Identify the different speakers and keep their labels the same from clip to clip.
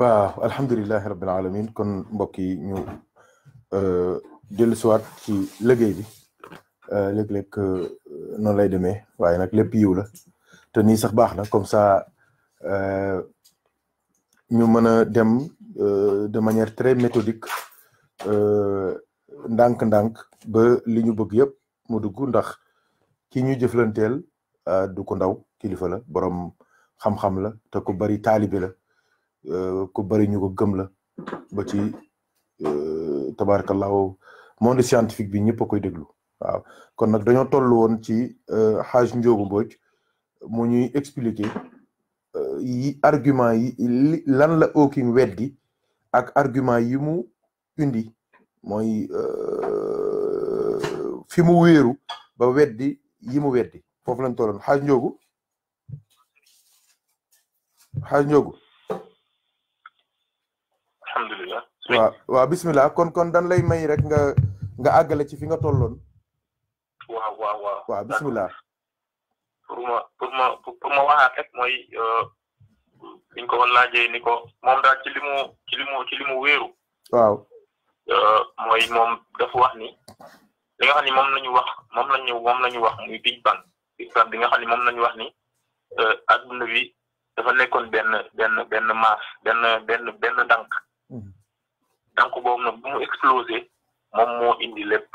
Speaker 1: الحمد لله رب العالمين كن بوكي نيو ديل سوات سي لغي بي لك لك نون لاي دمي واي نك لب يو لا تني سخ باخنا كوم سا نيو مانا ديم دو مانيير تري ميثوديك ndank ndank ba li ñu bëgg yëpp mu dugg ndax ki ñu jëflanteel euh, du ko ndaw kilifa la borom xam-xam la te ku bari taalibi la Euh, ku bëri ñu ko gëm la ba ci euh, tabaarkallaahu monde scientifique bi ñëpp koy déglu waaw kon nag dañoo toll woon ci xaaj euh, Njóobu Mbooj mu ñuy expliquer yi argument yi lan la Hawking weddi ak argument yi mu indi mooy fi mu wéeru ba weddi yi mu weddi foofu lañ tolloon xaaj Njóobu xaaj Njóobu wa waaw bismillah kon kon dan lay may rek nga nga agale ci fi nga tollon
Speaker 2: wa wa wa
Speaker 1: wa bismillah pour ma pour ma pour ma waxaat rek mooy biñ euh, ko woon ni ko mom da ci limu mu
Speaker 2: ci limu mu ci li mu wéeru waaw euh, mooy moom dafa wax ni li nga xam mom lañu wax mom lañu mom lañu wax muy big bang big bang bi nga xam mom lañu wax ni euh, aduna bi dafa ben ben ben donc boobu nag bu mu explosé moom moo indi lépp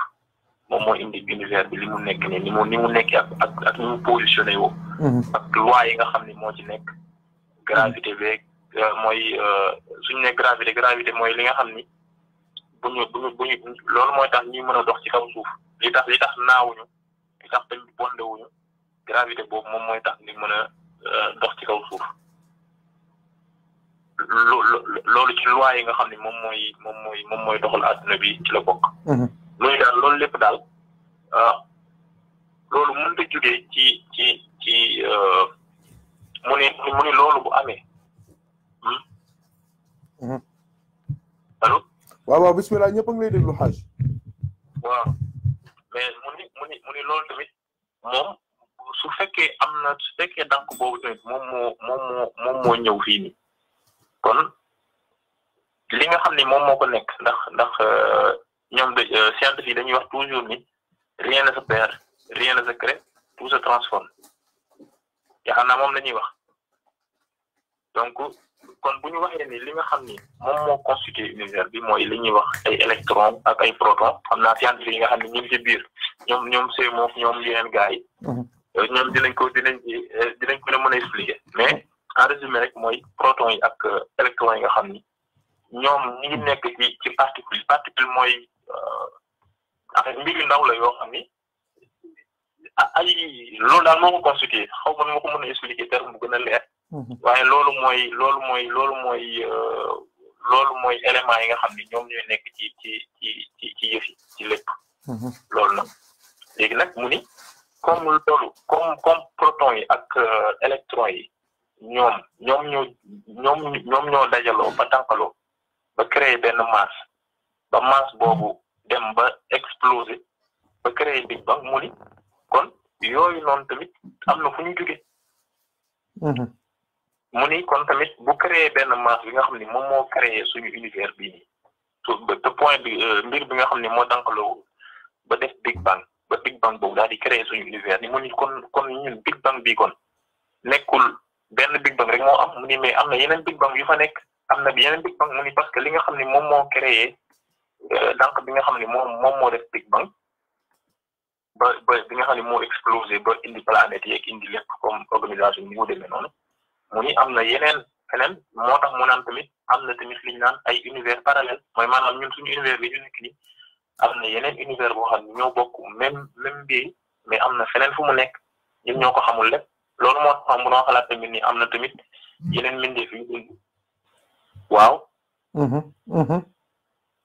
Speaker 2: moom moo indi univers bi li mu nekk nii ni mu ni mu nekkee ak ak ak ni mu positionné woo parce mhm. que loi yi nga xam ni moo ci nekk gravité beeg euh, mooy euh, suñu ne gravité gravité mooy li nga xam ni bu ñu bu ñu bu loolu mooy tax ñuy mën a dox ci kaw suuf li tax li tax naawuñu li tax tamit bondewuñu gravité boobu moom mooy tax ni mën a euh, dox ci kaw suuf loolu ci loi yi nga xam ni moom mooy moom mooy moom mooy doxal àdduna bi ci la bokk. Mhm. muy daal loolu lépp daal ah, loolu mënut a jugee ci
Speaker 1: ci ci euh, mu ni mu ni loolu bu amee. Hmm? Mhm. allo. waaw waaw bisimilah ñëpp a ngi lay déglu xaaj. waaw
Speaker 2: mais mu ni mu ni mu ni loolu tamit moom su fekkee am na su fekkee dànk boobu tamit moom moo moom moo moo ñëw fii nii. kon li nga xam ne moom moo ko nekk ndax ndax euh, ñoom de euh, scientifique yi dañuy wax toujours ni rien ne se perd rien ne se crée tout se transforme yaakaar naa moom la ñuy wax donc kon bu ñu waxee ni li nga xam ni moom moo constitué univers bi mooy li ñuy wax ay électrons ak ay protons xam naa scientifique yi nga xam ne ñu ngi ci biir ñoom ñoom c'est moom ñoom yeneen yi. Mhm. Euh, ñoom dinañ ko dinañ dinañ ko mën a expliquer mais. en résumé rek mooy proton yi ak euh, électron yi nga xam ni ñoom ñi ngi nekk ci ci particule particule mooy en euh, fait mbir yu ndaw la yoo xam ni a ay loolu daal moo ko constitué xaw ma nu ko mën a expliquer terme bu gën a leer mhm. waaye loolu mooy loolu mooy loolu mooy euh, loolu mooy élément yi nga xam ni ñoom ñooy nekk ci ci ci ci ci yëf yi ci lépp mhm. loolu nag léegi noonu tamit am na fu ñu jóge mhm. mu ni kon tamit bu créé benn masse bi nga xam ni moom moo créer suñu univers bii nii te point bi euh, mbir bi nga xam ni moo dankaloo ba def big bang ba big bang boobu daal di créé suñu univers ni mu ni kon kon ñu big bang bii kon nekkul benn big bang rek moo am mu ni mais am na yeneen big bang yu fa nekk am na yeneen big bang mu parce que li nga xam ni moom moo créé euh, dànk bi nga xam ni moom moom moo def bi nga xam ne moo explosé ba indi planète yeeg indi lépp comme organisation bi mu demee noonu
Speaker 1: mu ni am na yeneen
Speaker 2: feneen moo tax mo naan tamit am na tamit li ñu ay univers parallèle mooy maanaam ñun suñu univers bi ñu nekk nii am na yeneen univers boo xam ne ñoo bokk même même bi mais am na feneen fu mu nekk ñun ñoo ko xamul lépp loolu moo tax mu doon tamit ni am na tamit yeneen mbindeef yu dund waaw. Mm-hmm. Mm-hmm.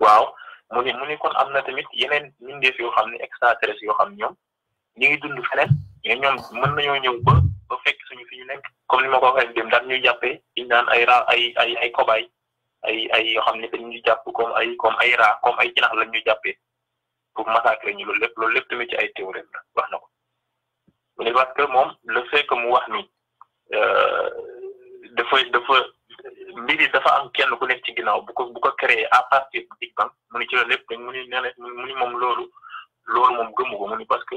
Speaker 2: waaw mu ni am na tamit yeneen mbindeef yoo xam ne extraterrestre yoo xam ñoom. ñu ngi dund feneen mais ñoom mën nañoo ñëw ba fekk suñu fi ñu nekk comme ni ma ko waxee dem daan ñuy jàppee ñu naan ay ra ay ay ay kobaay ay ay yoo xam ne dañuy jàpp comme ay comme ay ra comme ay jinax lañ ñuy jàppee pour massacrer ñu loolu lépp loolu lépp tamit ci ay théorie la wax na ko mu ne parce que moom le fait que mu wax ni euh, dafa dafa mbir yi dafa am kenn ku nekk ci ginnaaw bu ko bu ko créé à partir du Big mu ni ci loolu lépp dañ mu ni mu moom loolu loolu moom gëmu ko mu ni parce que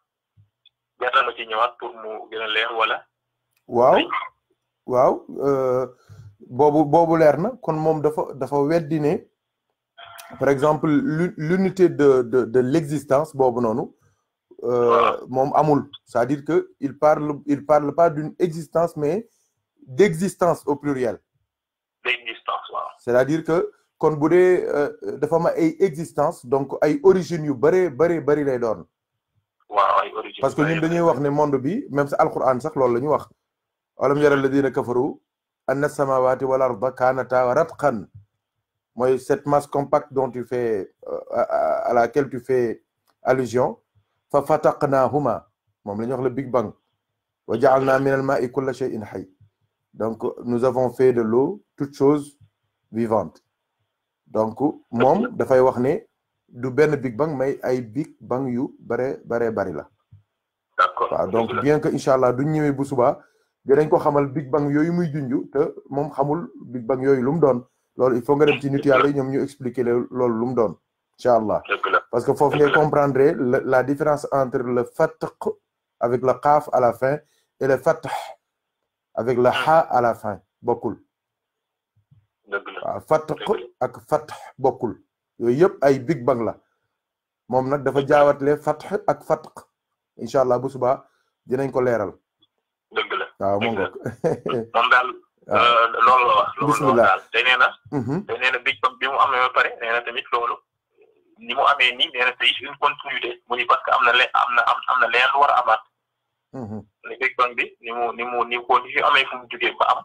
Speaker 2: jar na ci ñëwaat pour mu gën a leer wala.
Speaker 1: waaw waaw euh, boobu boobu leer na kon moom dafa dafa weddi ne par exemple l'unité de de de l'existence boobu noonu. Euh, moom amul c'est-à-dire que il parle il parle pas d'une existence mais d'existences au pluriel.
Speaker 3: d'existence waaw.
Speaker 1: c'est-à-dire que kon bu dee euh, dafa ma ay existence donc ay origine yu bëree bëri bëri lay doon. parce que ñun dañuy wax ne monde bi même si alquran sax loolu la ñu wax alam yara alladina kafaru anna samawati wal arda kaanata ratqan mooy cette masse compacte dont tu fais euh, à laquelle tu allusion fa fataqnahuma moom la ñuy wax le big bang wa jaalna min al maai kulla shay'in hayy donc nous avons fait de l'eau toute chose vivante donc moom dafay wax ne du benn big bang mais ay big bang yu bare bare bari la d'accord donc bien que inshallah allah duñ ñëwee bu subaa dinañ ko xamal big bang yooyu muy junj te mom xamul big bang yoy lu doon lool il faut nga dem ci nit yalla ñom ñu expliquer le lu mu doon inshallah parce que fofu ngay comprendre la différence entre le fatq avec le qaf à la fin et le fath avec le ha à la fin Bokul. fatq ak fath bokul. yoy yëpp ay big bang la mom nak dafa jaawatle fath ak fatq inshallah allah bu suba dinañ ko leral deug la waaw moom nga. moom daal ah. eh, loolu la wax. bismillah daal
Speaker 2: na. te na bi bi mu amé paré pare tamit loolu. ni mu amé mhm. ni nee tay une continuité mu ni parce que amna lé le amna ah, lé lu wara amat amaat. ne big bang bi ni mu ni mu ni ko ni amé fu mu jugee ba am.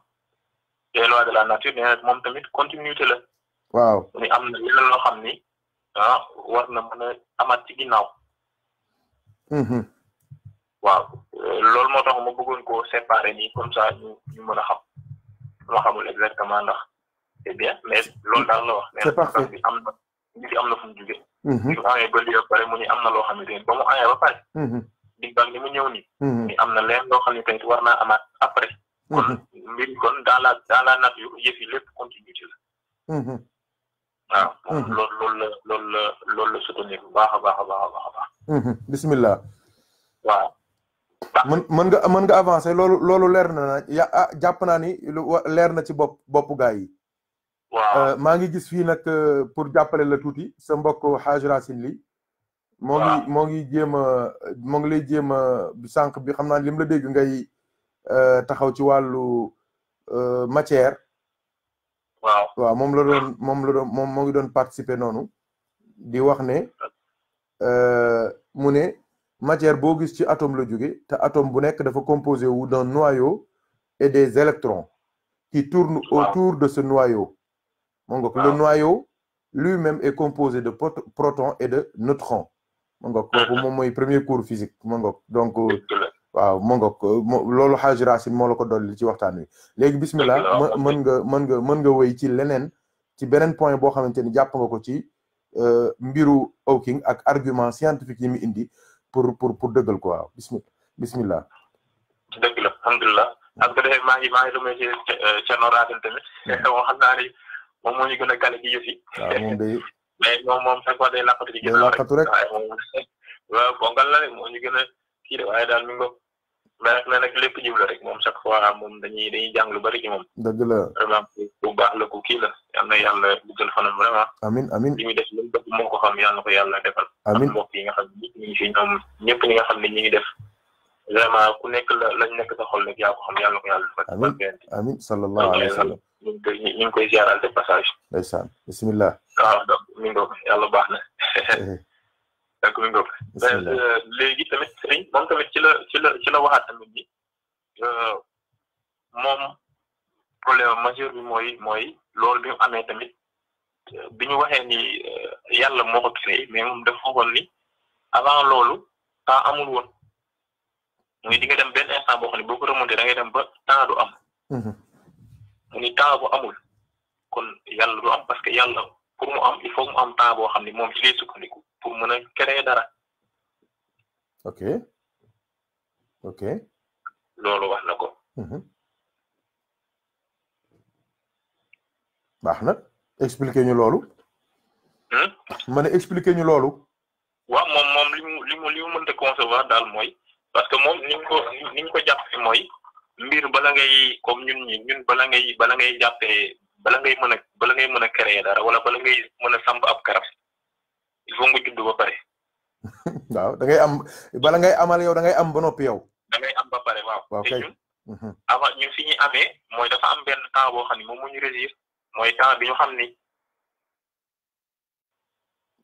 Speaker 2: té loi de la nature nee mom tamit continuité la. waaw ni amna na lo xamni ah war na mën ci ginnaaw. waaw loolu moo tax ma bëggoon ko séparer nii comme ça ñu ñu mën a xam ma xamul exactement ndax c'est bien mais loolu daal la wax. c'est parfait bi am na bi am mhm. ba lii pare ni am na loo xamante ni ba mu amee ba pare. Mhm. di bang ni mu ñëw nii. Mhm. ni am na leen loo xam ne tamit war na amaat après. kon mbir kon dans la dans la nature yëf yi lépp continuité la. waaw loolu loolu la loolu la loolu la soutenir bu baax a baax a baax a baax.
Speaker 1: mën nga mën nga avancer loolu loolu leer na na ya ah jàpp naa ni lu leer na ci bopp boppu gaa yi. waaw euh, maa ngi gis fii nag euh, pour jàppale la tuuti sa mbokk Haji Racine li moo ngi moo ngi jéem a moo ngi lay jéem a sànq bi xam naa lim la dégg ngay euh, taxaw ci wàllu matière. waaw waaw moom la doon moom la doon moom moo ngi doon participer noonu. di wax ne mu ne. matière bo gis ci atome la jóge te atome bu nek dafa composé d'un noyau et des électrons qui tournent autour de ce noyau mon nga le noyau lui-même est composé de protons et de neutrons mon nga kooku moom premier cours physique mon donc euh, waaw mon nga euh, loolu Hajj Racine moo la dolli ci waxtan wi légui bismillah mën nga mën nga mën nga wéy ci lenen ci benen point bo xamanteni japp nga ko ci euh, mbiru Hawking ak argument scientifique yi mu indi pour pour pour dëggal ko waaw bismillah bismillah
Speaker 2: dëgg la alhamdulilah hmm. a que defee maa ngi maa ngi remercié euh, Thierno Racine tamit moom xam naa ni moom moo ñu gën de gàll ci yëf yi waaw
Speaker 1: moom day mais moom moom chaque fois rek
Speaker 2: waaye moom waaw bongal moo ñu gën a kii de waaye daal mi baax na nag lépp jiw la rek moom chaque fois moom dañuy dañuy jàng lu bari ci moom. dëgg la vraiment baax la ku kii la yal na yàlla
Speaker 1: duggal fanam vraiment. amin amin li muy def def moo ko xam ko yàlla defal. amin ak
Speaker 2: yi nga xam ne ñu ngi ñëpp ñi nga xam ne ñu ngi def vraiment ku nekk la lañ nekk sa xol rek yaa ko xam yàlla ko yàlla defal. amin
Speaker 1: amin sallallahu alayhi wa sallam.
Speaker 2: ngi koy ñu ngi koy ziaral de passage. ndeysaan bisimilah. waaw donc mi baax na. d'accord mi ngoog léegi tamit Serigne moom tamit ci la ci la ci la waxaat tamit ni euh, moom problème majeur bi mooy mooy loolu bi mu amee tamit euh, bi ñu waxee ni euh, yàlla moo ko créé mais moom dafa waxoon ni avant loolu temps amul woon muy di nga dem benn instant boo xam ne boo ko remonté da ngay dem ba temps am mhm. mu ni temps bu amul kon yàlla du am parce que yàlla pour mu am il faut mu am temps
Speaker 1: xam ne moom ci lay pour mën a créer dara. ok ok.
Speaker 2: loolu wax na ko. Mhm.
Speaker 1: baax na expliquer ñu loolu. Hmm? ma ne expliquer ñu loolu.
Speaker 2: waaw moom moom li mu li mu li mu mënta concevoir daal mooy parce que moom niñ ko niñ ko jàppee mooy mbir bala ngay comme ñun ñi ñun bala ngay bala ngay jàppee bala ngay mën a bala ngay mën a créer dara wala bala ngay mën a samp ab garab. il faut nga judd ba pare
Speaker 1: waaw da ngay am bala ngay amal yow da ngay am ba nopi yow
Speaker 2: da ngay am ba pare waaw waaw kay avant ñun fi ñuy amee mooy dafa am benn temps boo xam ne moom ñu régir mooy temps bi ñu xam ni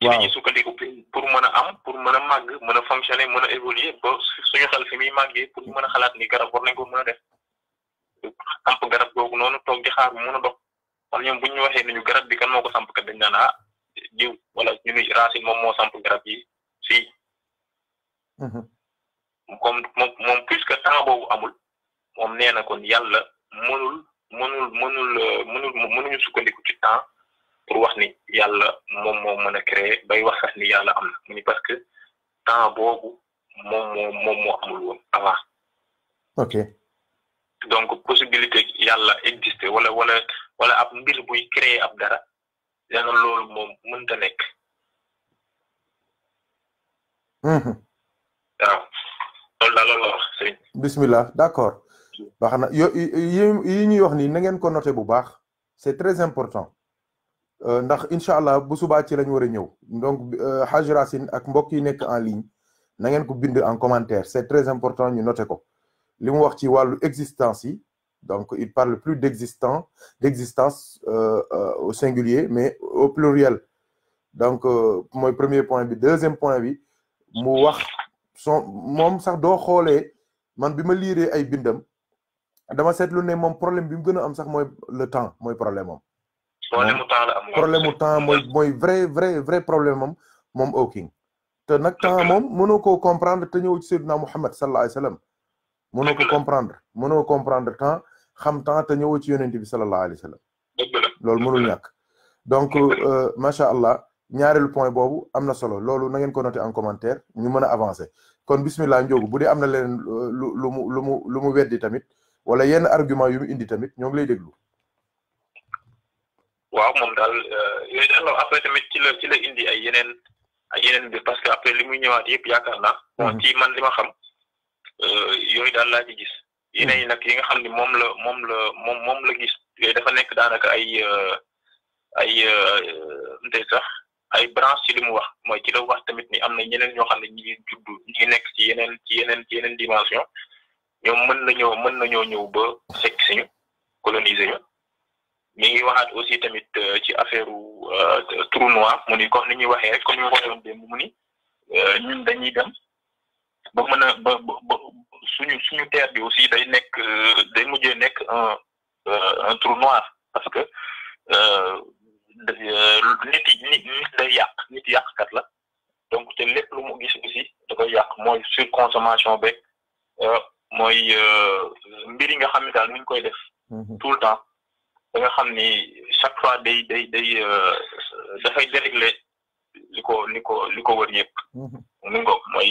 Speaker 2: waaw ñu sukkandiku pour mën a am pour mën a màgg mën a fonctionner mën a évoluer ba suñu xel fi muy màggee pour mën a xalaat ni garab war nañ ko mën a def samp garab googu noonu toog di xaar mu mën a dox kon ñoom bu ñu waxee nañu garab bi kan moo ko samp kat dañ naan ah jiw wala ñu ni racine moom moo samp garab yi fii mhm. comme moom moom puisque temps boobu amul moom nee na kon yàlla mënul mënul mënul euh, mënul mënuñu sukkandiku ci temps pour wax ni yàlla moom moo mën a créer bay wax sax ni yàlla am na mu ni parce que temps boobu moom moo moom moo amul woon avant ok donc possibilité yàlla
Speaker 1: exister wala wala wala ab mbir buy créer ab dara nee na mom mën ta nek mhm. waaw loolu daal la wax sëñ bismillah d'accord baax na yi ñuy wax ni na ngeen ko noter bu baax c'est très important euh, ndax inshallah bu suba ci lañ wara a ñëw donc euh, Hadj Racine ak mbokk yi nekk en ligne na ngeen ko bind en commentaire c'est très important ñu noter ko limu wax ci walu existence yi donc, il ne parle plus d'existence euh, euh, au singulier, mais au pluriel. Donc, euh, mon premier point bi deuxième point bi mu wax son moom sax doo xoolee man bi ma ay bindam dama seetlu ne problème bi mu am sax le temps mooy problème problème mon
Speaker 2: temps problème
Speaker 1: mu temps mooy vrai vrai vrai problème mon moom Hawking te nag temps moom mënoo koo comprendre te ñëw ci Seydina Muhammad sallallahu alayhi wa sallam ko comprendre mënoo comprendre temps. xam temps te ñëwoo ci yonent bi sallallahu alayhi wa sallam loolu mënul ñàkk donc euh, macha allah ñaareelu point boobu am na solo loolu na ngeen ko en commentaire ñu mën a avancé kon bismillah Ndiogou bu dee am na leneen lu lu mu lu mu lu mu weddi tamit wala yenn argument yu indi tamit ñoo ngi lay déglu.
Speaker 2: waaw daal euh, yooyu daal après tamit ci la indi ay yeneen bi parce que après li muy ñëwaat yëpp yaakaar naa. Mhm. ci man li xam euh, yooyu daal laa ci yeneen yi nag yi nga xam ne moom la moom la moom moom la gis dafa nekk daanaka ay euh, ay euh, ndey sax ay branche ci li mu wax mooy ci la wax tamit ni am na ñeneen ñoo xam ne ñi ngi judd ñi ngi nekk ci yeneen ci yeneen ci yeneen dimension ñoom mën na nañoo mën nañoo ñëw ba sekk si ñu coloniser ñu mi ngi waxaat aussi tamit euh, ci affaire trou noir mu ni comme ni ñuy waxee rek ko waxee woon démb mu ni ñun dañuy dem. ba mëna ba suñu suñu terre bi aussi day nekk euh, day mujjé nekk un euh, un trou noir parce que euh, nit nit nit day yàq nit kat la donc te lépp lu mu gis aussi da koy yàq mooy surconsommation beeg mooy mbir yi nga xam ne daal ni ñu koy def. Mhm. tout le temps da nga xam ni chaque fois day day day dafay dérégler li ko li ko li ko wër yëpp. Mhm. ni ko mooy.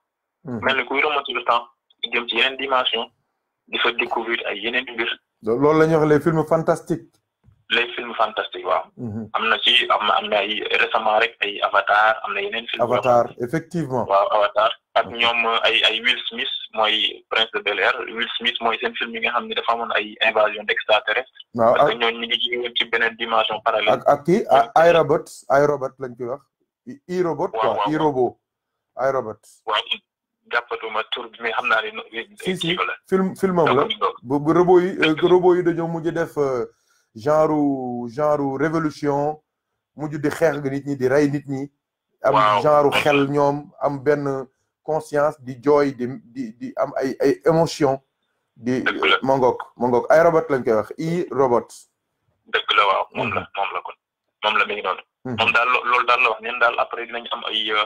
Speaker 2: Hmm. mel ni kuy remonter le temps jëm ci yeneen dimension di fa découvrir ay yeneen mbir.
Speaker 1: loolu la ñuy wax les films fantastiques.
Speaker 2: les films fantastiques waaw. Hmm, hmm. am na ci am na am na ay récemment rek ay Avatar am na yeneen. film Avatar
Speaker 1: effectivement.
Speaker 2: waaw Avatar ak ñoom ay ay Will Smith mooy Prince de Bel Air Will Smith mooy seen film yi nga xam ne dafa amoon ay invasion d'extraterrestre. waaw parce que ñooñu ñu ngi ci ci beneen dimension parallèle. ak
Speaker 1: ak kii ay robot ay robot lañ koy wax. i robot quoi i robot ay robot. waaw
Speaker 2: jàppatuma tur bi mais xam naa film filmam la
Speaker 1: bu robot yi euh, robot yi dañoo mujj def euh, genre genre révolution muju di xex ga nit ñi di ray nit ñi. am genre xel ñom am ben conscience di joy di di di am ay ay émotion di mongok mongok ay robot lañ koy wax i robot deug la waaw mom la mom mhm. la ko
Speaker 2: mom la mi ngi noonu mhm. moom dal loolu dal la wax ñen dal après dinañ am ay euh,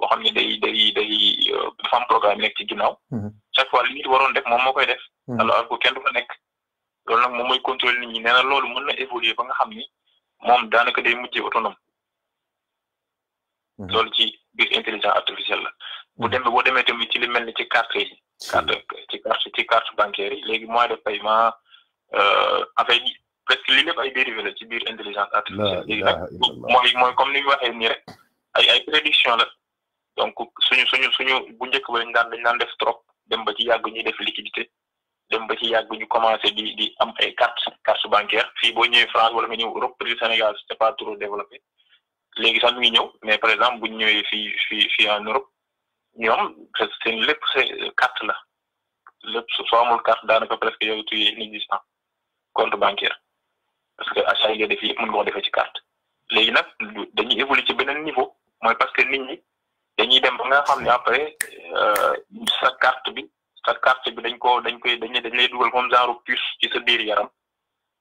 Speaker 2: boo xam ne day day day euh, dafa am programme nekk ci ginnaaw. Mhm. chaque fois li nit waroon def moom moo koy def. Mhm. alors que kenn du fa nekk loolu mooy contrôle nit ñi nee na loolu mën na évoluer ba nga xam ni moom daanaka day mujjee autonome. Mhm. loolu ci biir intelligence artificielle la. bu demee boo demee tamit ci li mel ni ci carte yi. carte ci carte ci carte bancaire yi léegi moyen de paiement euh, affaire yi presque li lépp ay dérivé la ci biir intelligence artificielle.
Speaker 3: léegi mooy
Speaker 2: mooy comme ni ñu waxee rek ay prédiction la. donc suñu suñu suñu bu njëkk ba dañ daan dañ daan def trop dem ba ci yàgg ñuy def liquidité dem ba ci yàgg ñu commencé di di am ay carte carte bancaire fii bo ñëwee France wala nga ñëw Europe du Sénégal c'est léegi sax mi ngi ñëw mais par exemple bu ñu fii fii fii en Europe ñoom seen lépp c'est euh, carte la lépp soo mul carte daanaka presque yow tu es inexistant compte bancaire parce que achat yi nga def yëpp mën nga ko ci carte léegi nag dañuy évoluer ci beneen niveau mooy parce que nit ñi. dañuy dem ba nga xam ne après euh, sa carte bi sa carte bi dañ ko dañ koy dañ dañ lay dugal comme genre puce ci sa biir yaram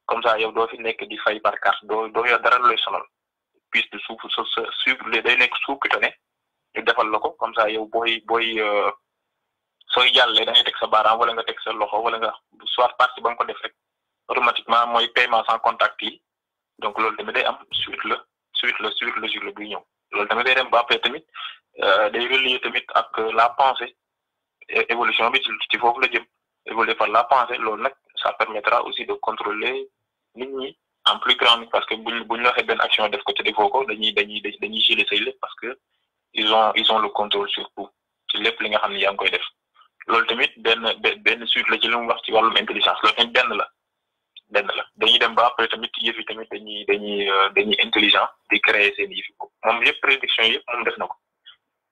Speaker 2: comme ça yow doo fi nekk di fay par carte doo doo dara lay sonal puce bi suuf sa sa suuf day nekk suuf cutané ñu defal la ko comme ça yow booy booy euh, sooy jàllee da ngay teg sa baaraam wala nga teg sa loxo wala nga soit partie ba nga ko def rek automatiquement mooy paiement sans contact yi donc loolu tamit day am suite la suite la suite logique la buy ñëw loolu tamit ba après tamit Euh, day relier tamit ak euh, la pensée évolution bi ci ci foofu la jëm évoluer par la pensée loolu nak ça permettra aussi de contrôler nit ñi en plus grand parce que buñ buñ waxé ben action def ko te defoo ko dañuy dañuy dañuy gérer say parce que ils ont ils ont le contrôle sur tout ci lepp li nga xamni yang koy def loolu tamit ben ben suite la ci li wax ci walum intelligence loolu tamit benn la ben la dañuy dem ba après tamit yëf tamit dañuy dañuy euh, dañuy intelligent di créer ces yëf yi moom yëpp prédiction yëpp moom def na ko.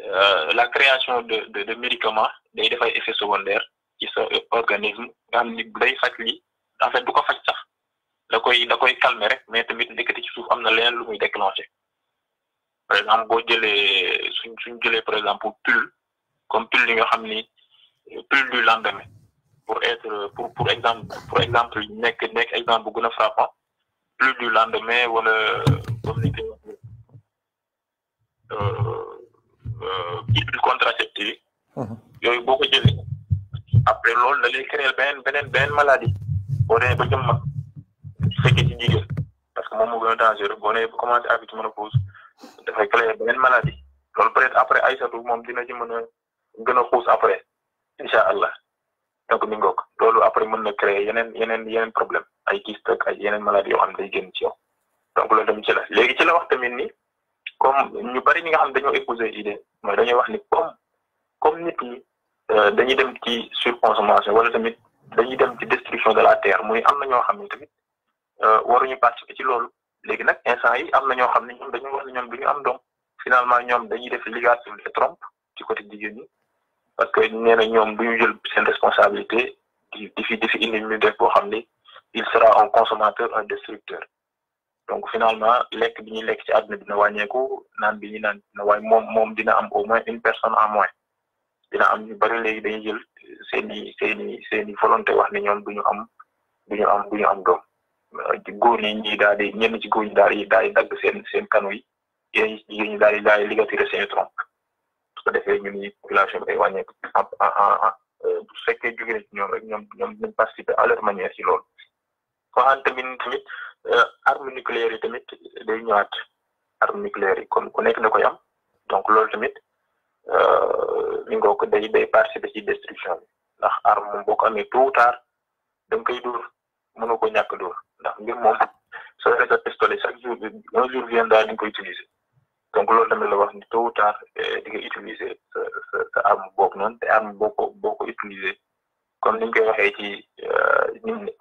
Speaker 2: Euh, la création de de de médicaments, des effets secondaires qui sont organismes, nga xam ni en fait beaucoup ko faj sax da koy da koy calmer rek mais tamit ndekete ci suuf am na leneen lu muy déclencher par exemple boo jëlee suñ suñ par exemple pull comme pull yi nga xam ni pull du lendemain pour être pour pour exemple pour exemple nekk nekk exemple bu de a plus pull du lendemain wala comme pilule contraceptive uh-huh. yooyu boo ko jëlee après loolu da lay créer beneen beneen beneen maladie boo demee ba jëm mag fekkee ci jigéen parce que moom moo gën a dangereux boo demee ba commencé avec ménopause dafay créer beneen maladie lool peut être après Aïssatou moom dina ci mën a gën a xuus après incha allah donc mi ngoog loolu après mën na créer yeneen yeneen yeneen problème ay kyste ak ay yeneen maladi yoo xam ne day génn ci yow donc loolu tamit ci la léegi ci la wax tamit ni comme ñu bari ñi nga xam dañoo épouser idée comme nit ñi euh, dañuy dem ci surconsommation wala tamit dañuy dem ci destruction de la terre muy am na ñoo xam ne tamit euh, waruñu participer ci loolu léegi nag instant yi ñu am doom finalement dañuy def de trompe ci côté parce que nee responsabilité di di di indi ñu def il sera un consommateur un destructeur donc finalement lekk bi ñuy lekk ci àdduna dina wàññeeku naan bi ñuy naan dina wàññi moom moom dina am au moins une personne en moins dina am ñu bari léegi dañu jël seen i seen seen i volonté wax ne ñoom du ñu am du ñu am du ñu am doom góor yi ñi daal di ñenn ci góor daal di daal di dagg seen seen kanu yi yéen jigéen ñi daal di daal di ligature seen tronc su ko defee ñun ñi population bi day wàññeeku en en euh, bu fekkee jóge ñoom rek ñoom ñoom dinañ participer à leur manière ci loolu. Euh, arme nucléaire yi tamit day ñëwaat arme nucléaire yi kon ku nekk da koy am donc loolu tamit euh, mi ngoo ko day day participer ci destruction ndax arme moom boo ko amee tôt ou tard da nga koy dóor mënoo ko ñàkk dóor ndax mbir moom soo yoree sa pistolet chaque jour un jour viendra di nga koy utiliser donc loolu tamit la wax ni tôt ou tard eh, di nga utiliser sa sa arme boobu noonu te arme boo ko boo ko utiliser comme niñ koy waxee ci euh,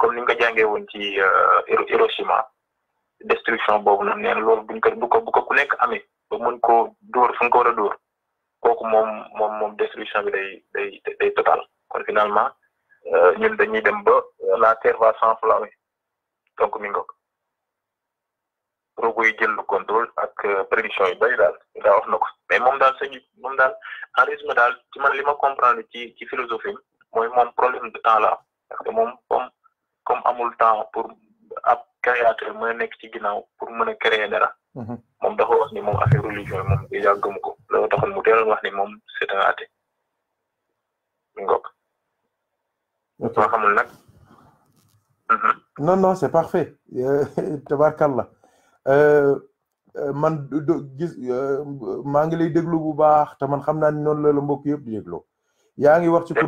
Speaker 2: comme niñ ko jàngee woon ci euh, Hiroshima destruction boobu noonu neen lool buñ ko bu ko bu ko ku nekk amee ba mën koo dóor fu nga ko war a dóor kooku moom moom moom destruction bi day day day total kon finalement euh, ñun dañuy dem ba la terre va s'enflammer donc mi ngoog rogo yi jël le contrôle ak prédiction yu bari daal daa wax na ko mais moom daal sañu moom daal en résumé daal ci man li ma comprendre ci ci philosophie mooy moom problème de temps la moom comme amul temps pour ab créateur mën a nekk ci ginnaaw pour mën a créer dara. Mhm. moom dafa wax ni moom affaire religion yi moom déjà gëmu ko loolu taxoon mu teeloon wax ni moom c'est un athée ngok soo xamul nag.
Speaker 1: Mhm. non non c'est parfait euh, tabarkalla euh, euh, man du gis maa ngi lay déglu bu baax te man xam naa ni noonu la la mbokk yëpp di déglu yaa ngi wax ci ku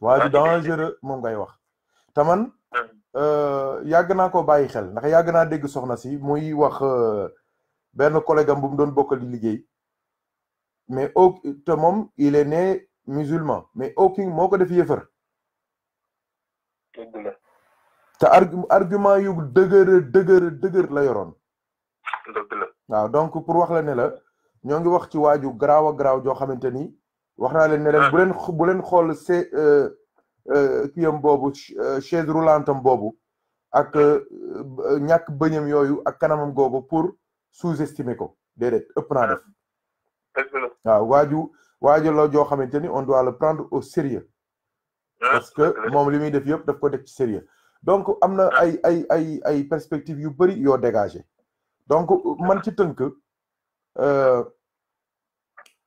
Speaker 1: waa ju dangereux moom ngay wax te man hmm. euh, yàgg naa ko bàyyi xel ndax yàgg naa dégg soxna si muy wax euh, benn collègue am bu mu doon bokkal di liggéey mais au te moom il est né musulman mais Hawking moo ko def yëfër te argument yu dëgër dëgër dëgër la yoroon waaw donc pour wax la ne la ñoo ngi wax ci waaju garaaw a garaaw joo xamante ni wax naa leen ne leen ah. bu leen bu leen xool se euh, euh, kiyam boobu euh, chaise roulantam boobu ak ñàkk bëñam yooyu ak kanamam googu pour sous-estimer ko déedéet ëpp naa ah. def waaw waaju waaju la joo xamante ni on doit le prendre au sérieux ah, parce que moom li muy def yëpp daf ko def ci sérieux donc am na ay ay ay ay perspectives yu bëri yoo dégagé donc man ci tënk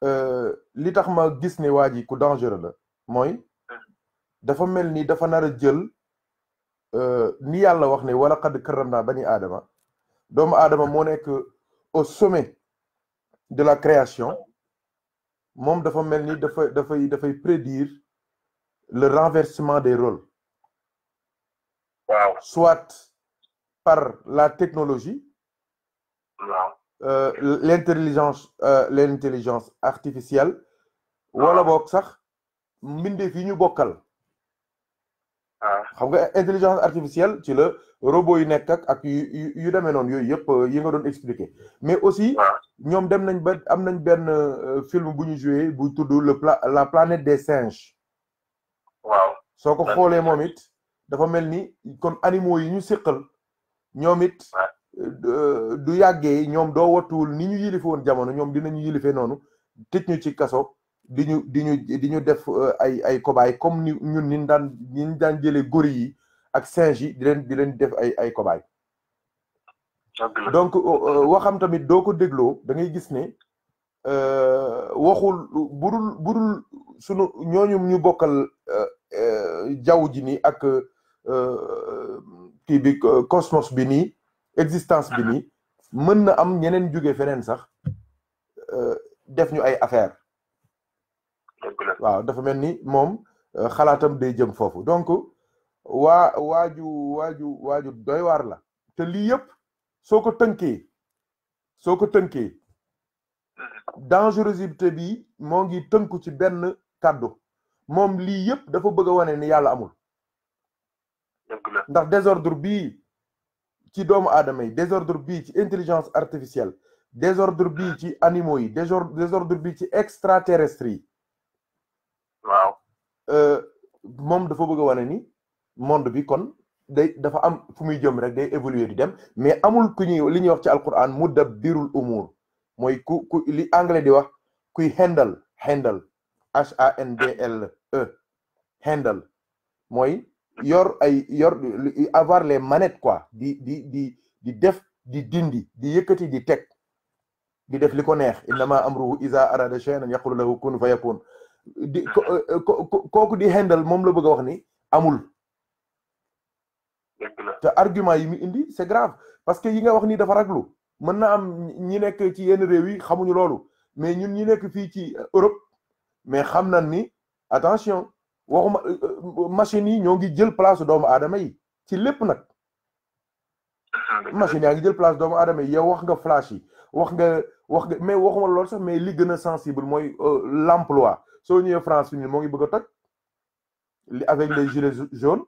Speaker 1: Euh, li tax ma gis ne waa ji ku dangereux la mooy dafa mel ni dafa nar a jël euh, ni yàlla wax ne wala xad naa bani aadama doomu aadama moo que au sommet de la création moom dafa mel ni dafa dafay dafay prédire le renversement des rôles soit par la technologie euh, l'intelligence euh, l'intelligence artificielle wala ah. bok sax mbindeef yi ñu bokkal. Ah. xam nga intelligence artificielle ci le robot yu nekk ak ak yu yu demee noonu yooyu euh, yi nga doon expliqué. mais aussi ah. ñom dem nañ ba am nañ ben film bu ñu jouer bu tudd le la planète des singes. waaw soko xolé momit dafa melni ni kon animaux yi ñu sékkal ñomit du yàggee ñoom doo wattuwul ni ñu yilife woon jamono ñoom dinañu yilife noonu tëj ñu ci kaso di ñu di ñu di def euh, ay ay kobaay comme ni ñun ñu daan ñu daan jëlee yi ak singe yi di leen def ay ay kobaay. donc euh, euh, waxam tamit doo ko dégloo dangay gis ne waxul budul budul sunu ñooñu ñu bokkal jaww ji nii ak kii bi cosmos bi nii. existence bi nii mën na am ñeneen jóge feneen sax euh, def ñu ay affaire waaw dafa mel ni moom euh, xalaatam day jëm foofu donc waa waaju waaju waaju doy waar la te lii yëpp soo ko tënkee soo ko tënkee dangerosité bi moo ngi tënku ci benn kàddu moom lii yëpp dafa bëgg a wane ni yàlla amul ndax désordre bii ci doomu aadama yi désordre bii ci intelligence artificielle désordre bi ci animaux yi désordre désordre bii ci extraterrestre yi. waaw. Euh, moom dafa bëgg a wane ni monde bi kon day dafa am fu muy jëm rek day évoluer di dem mais amul ku ñuy li ñuy wax ci alquran mudabbirul umur mooy ku ku li anglais di wax kuy handle handle H A e, handle mooy. yor ay avoir les manettes quoi di di di di def di dindi di yëkkati di tek di def li ko neex innama amruhu iza arada shay'an yaqulu lahu kun fayakun di eh, di handle mom la bëgg wax ni amul te argument yi indi c'est grave parce que yi nga wax ni dafa raglu mën na am ñi nekk ci yenn réew yi xamuñu mais ñun ñi nekk fii ci Europe mais xam ni attention waxuma eh, machine yi ñoo ngi jël place doomu aadama yi ci lépp nag. machine yaa ngi jël place doomu aadama yi yow wax nga flash yi wax nga wax nga mais waxuma loolu sax mais li gën a sensible mooy euh, l'emploi soo ñëwee France fi nii moo ngi bëgg a toj li avec les gilets jaunes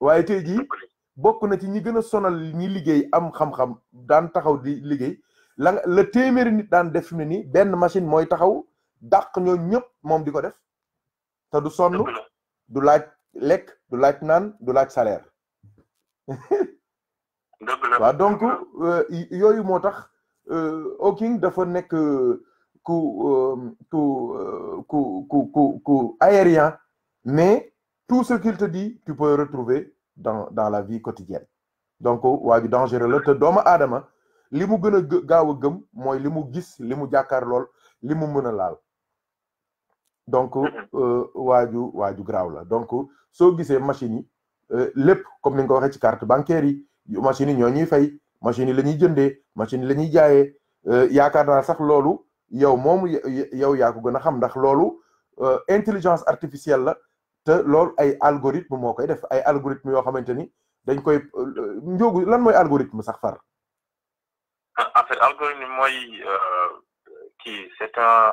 Speaker 1: waaye tey jii bokk na ci ñi gën a sonal ñi liggéey am xam-xam daan taxaw di liggéey la nga téeméeri nit daan def ni mu benn machine mooy taxaw dàq ñoo ñëpp moom di ko def te du sonn du laaj lekk du laaj naan du laaj salaire waaw donc euh, yooyu moo tax euh, Hawking dafa nekk euh, ku ku ku ku ku ku aérien mais tout ce qu'il te dit tu peux retrouver dans dans la vie quotidienne donc waa ju dangereux la te doomu aadama li mu gën a gaaw a gëm mooy li mu gis li mu jàkkaar lool li mu mën a laal donc mhm. euh, waaju waaju graw la donc so gisee machines yi machine euh, comme ni nga ko les ci carte bancaire yi machine ñoo ñuy fay machine lañuy jëndé machine lañuy machines euh, sax loolu yow moom yow yaa ko gën xam ndax loolu intelligence artificielle la te loolu ay algorithme moo koy def ay algorithme yoo xamante dañ koy njóogu lan algorithme ah,
Speaker 2: en fait algorithme c'est un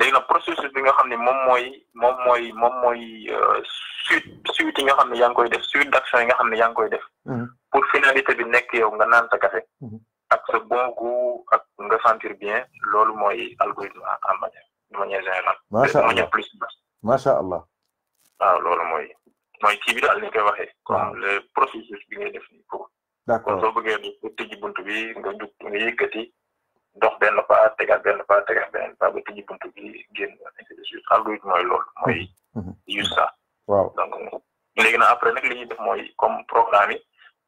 Speaker 2: léegi na processus bi nga xam ne moom mooy moom mooy moom mooy euh, suite yi nga xam ne yaa ngi koy def suite d'action yi nga xam ne yaa koy def. Mm-hmm. pour finalité bi nekk yow nga naan sa café. Mm-hmm. ak sa bon goût ak nga sentir bien loolu mooy algorithme en manière de manière générale.
Speaker 1: macha allah plus macha allah.
Speaker 2: waaw loolu mooy mooy kii bi daal ni koy waxee. Ah. comme le processus bi ngay def nii pour. d'accord kon soo bëggee du tëjji bunt bi nga jug nga yëkkati. dox benn pas tegaat benn pas tegaat beneen pas ba tijji buntu bi génn ainsi de suite algorithme mooy loolu mooy mhm. mhm. use ça waaw donc léegi nag après nag li ñuy def mooy comme programme yi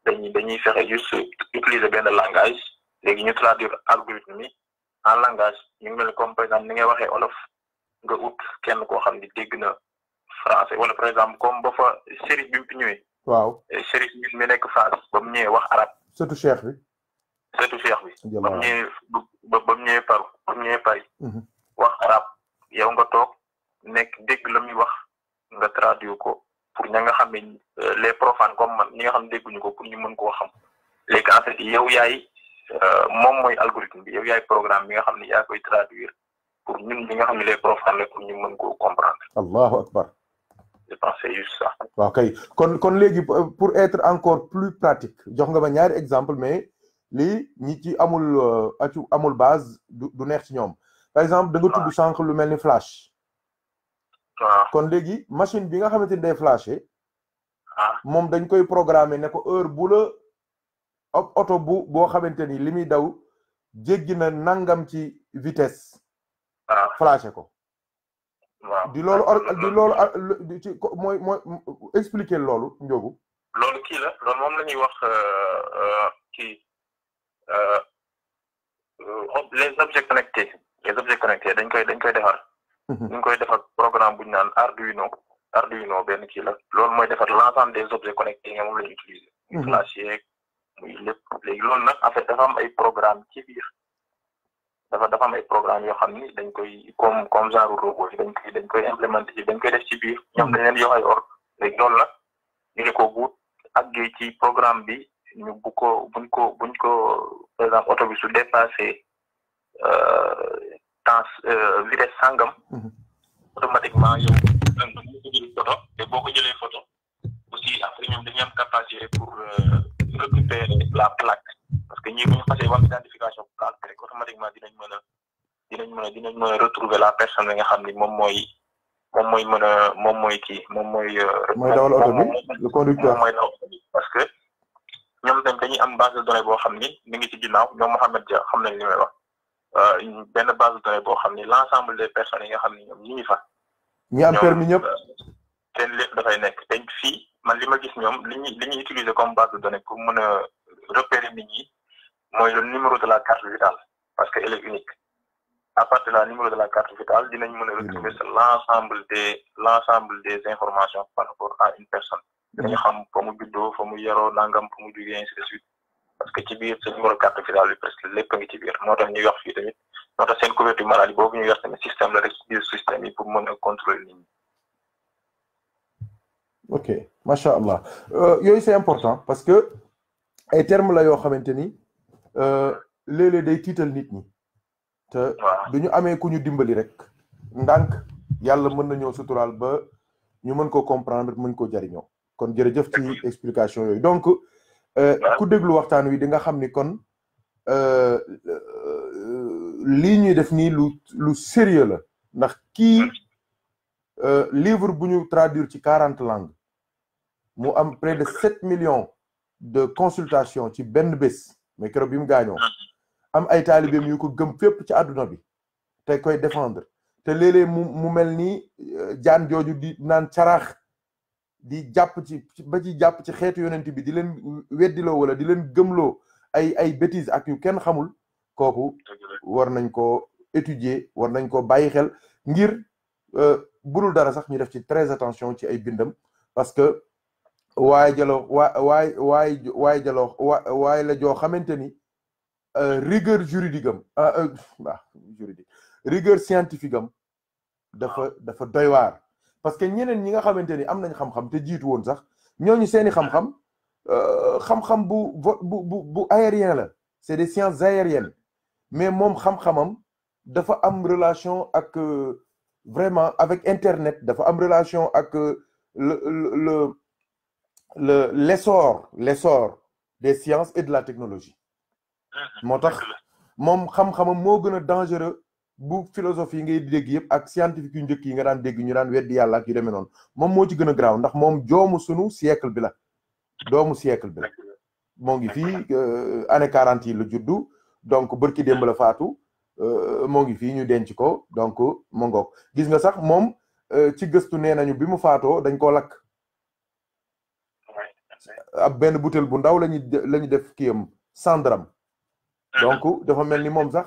Speaker 2: dañuy dañuy fexe juste utiliser benn langage léegi ñu traduire algorithme yi en langage ñu ngi mel comme par exemple ngay waxee olof nga ut kenn koo xam ni dégg na français wala par exemple comme ba fa Chérif bi mu fi ñëwee. waaw mi nekk France ba mu ñëwee wax arab surtout Cheikh bi. seetu cheikh ya, bi bam ñëwee bam ñëwee paru bam ñëwee pay mhm. wax arab yow nga toog nekk dégg la muy wax nga traduire ko pour ña nga xam eh, les profanes comme man ñi nga xam dégguñu ko pour ñu mën koo xam léegi iya, iya, iya. en eh, fait yow yaay moom mooy algorithme bi yow yaay programme bi nga xam ne koy traduire pour ñun ñi nga xam les profanes
Speaker 1: pour ñu mën koo comprendre allahu akbar
Speaker 2: je ya, pense juste ça
Speaker 1: ah. waaw kay kon kon léegi eh, pour être encore plus pratique jox nga ma ñaari exemple mais li ni ci amul euh, atu amul base du neex par exemple da nga tuddu centre lu flash kon machine bi nga xamanteni flashé ah. mom dañ koy programmer ne ko heure bu le auto bu vitesse ah. flashé ko di di Euh,
Speaker 2: le objets connectés les objets connectés dañ koy dañ koy defar. Mhm. dañ koy defar programme bu ñu naan Arduino Arduino benn kii la loolu mooy defar l'ensemble des objets connectés yi nga moom la ñu utiliser. muy mhm. flash yeeg muy lépp léegi loolu nag en fait dafa am ay programme ci biir dafa dafa am ay programme yoo xam ni dañ koy comme comme genre robot yi dañ koy dañ koy implémenter dañ koy def ci biir ñoom mhm. dañ leen jox ay ordre léegi loolu nag ñu ne ko bu àggee ci programme bi. ñu bu ko buñ ko buñ ko par exemple oto bi su dépassé euh, temps euh, vitesse sangam. Mhm. automatiquement yow photo te boo ko jëlee photo aussi après ñoom dañuy am capacité pour euh, récupérer la plaque parce que ñi bu ñu xasee wàllu identification plaque rek automatiquement dinañ mën a dinañ mën a dinañ la personne bi nga xam ni moom mooy moom mooy mën a moom mooy kii moom mooy. mooy dawal oto
Speaker 1: le conducteur
Speaker 2: ñoom tamit dañuy am base de données bo xam ni mi ngi ci ginnaaw ñom mohammed Dia xam nañ li may wax euh, benn base de données bo xam l'ensemble des personnes yi nga xam ni ñoom ñu fa.
Speaker 1: ñi am permis ñëpp euh, seen da fay nekk te fi man li ma gis ñoom li ñuy
Speaker 2: utiliser comme base de données pour mëna repérer nit ñi moy le numéro de la carte vitale parce que elle est unique à partir de la numéro de la carte vitale dinañ mëna a retrouver l' ensemble des l'ensemble des informations par rapport à une personne. dañu xam fa mu juddoo fa mu yaroo nangam fa mu jugee ainsi de suite parce que ci biir sa numéro carte vitale bi presque ngi ci biir moo tax ñuy wax fii tamit moo tax seen couverture maladie boobu ñuy wax tamit système la rek ci biir système yi pour mën a contrôler nit ñi.
Speaker 1: ok macha allah euh, yooyu c'est important parce que ay termes la yoo xamante ni euh, léeg-léeg day tiital nit ñi. te du ñu amee ku ñu dimbali rek ndànk yàlla mën na ñëw suturaal ba ñu mën ko comprendre mën ko jariñoo kon jërëjëf ci explication yooyu donc euh, ku déglu waxtaan wi di nga xam ni kon euh, euh, lii ñuy def nii lu lu sérieux la ndax kii livre bu ñu traduire ci 40 langues mu am près de 7 millions de consultations ci benn bés mais keroog bi mu gaañoo am ay taalibeem yu ko gëm fépp ci àdduna bi te koy défendre te léeg-léeg mu mu mel ni jaan jooju di naan caraax di jàpp ci ba ci jàpp ci xeetu yonent bi di leen weddiloo wala di leen gëmloo ay ay bêtises ak yu kenn xamul kooku war nañ ko étudier war nañ ko bàyyi xel ngir euh, budul dara sax ñu def ci très attention ci ay bindam parce que waaye jaloo waa waay waay waay jaloo wa waaye la joo xamante ni euh, rigueur juridique am ah juridique rigueur scientifique am dafa dafa doy parce que ñeneen ñi nga xamanteni am nañ xam-xam te sax seeni xam-xam euh, xam-xam aérien c'est des sciences aériennes mais mom xam-xamam dafa am relation euh, vraiment avec internet dafa am relation avec euh, le l'essor l'essor des sciences et de la technologie motax mom xam dangereux bu philosophie yi ngay dégg yëpp ak scientifique yu njëkk yi nga daan dégg ñu daan weddi yàlla ak yu demee noonu moom moo ci gën a garaaw ndax moom joomu sunu siècle bi la doomu siècle bi la moo ngi fii euh, année quarante yi lu juddu donc bërki démb la faatu euh, moo ngi fii ñu denc ko donc mu gis nga sax moom euh, ci gëstu nee nañu bi mu faatoo dañ ko lakk a benn butéel bu ndaw lañu la ñu def kiyam sandaram ah. donc dafa mel ni moom sax